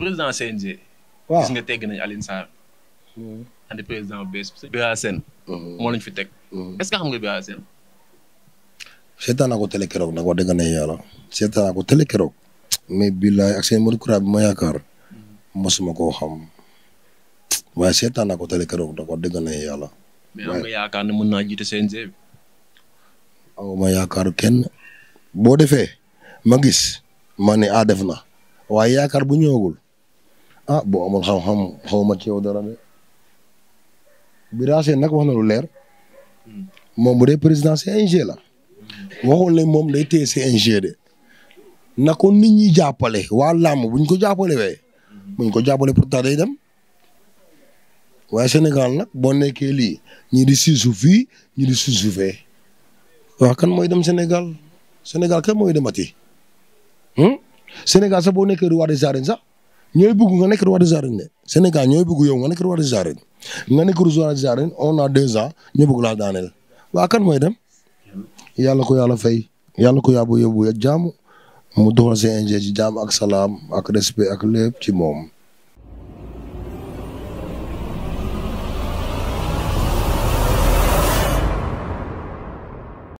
président CNG. waaw gis nga tegg nañ Alioune Sarr. Hmm. andi président bu bees Bira Sène. Hmm. fi teg. Hmm. est-ce que ko télé keroog nag wax dëgg ne yàlla seetaan naa ko télé keroog. mais ak seen mërkura bi ma yaakaar. mosuma koo xam. waaye seetaan naa ko télé keroog nag wax dëgg ne yàlla. mais am nga yaakaar ne mën naa jiite CNG bi. aw ma yaakaar kenn. boo defee ma gis ma a ah, def na waaye yaakaar bu ñëwagul ah boo amul xam xaw ma ci yow dara de Bira Sène nag wax na lu leer hmm. moom bu dee président CNG la hmm. waxoon nañ moom day téye CNG de na ko ñi jàppale waa làmb buñ ko jàppale wee hmm. buñ ko jàppale pourtant day dem waaye Sénégal nag boo nekkee lii ñii di siisu fii ñii di siisu fee waaw kan mooy dem Sénégal Sénégal ka mooy demati Sénégal sax boo nekkee roi des arènes sax ñooy bëgg nga nekk roi des arènes Sénégal ñooy bëgg yow nga nekk roi des arènes nga nekk roi des arènes on a deux ans ñu bëgg laa daaneel waa kan mooy dem. yàlla ko yàlla fay yàlla ko yàbbu yóbbu ak jàmm mu doxal CNG ci jàmm ak salaam ak respect ak lépp ci moom.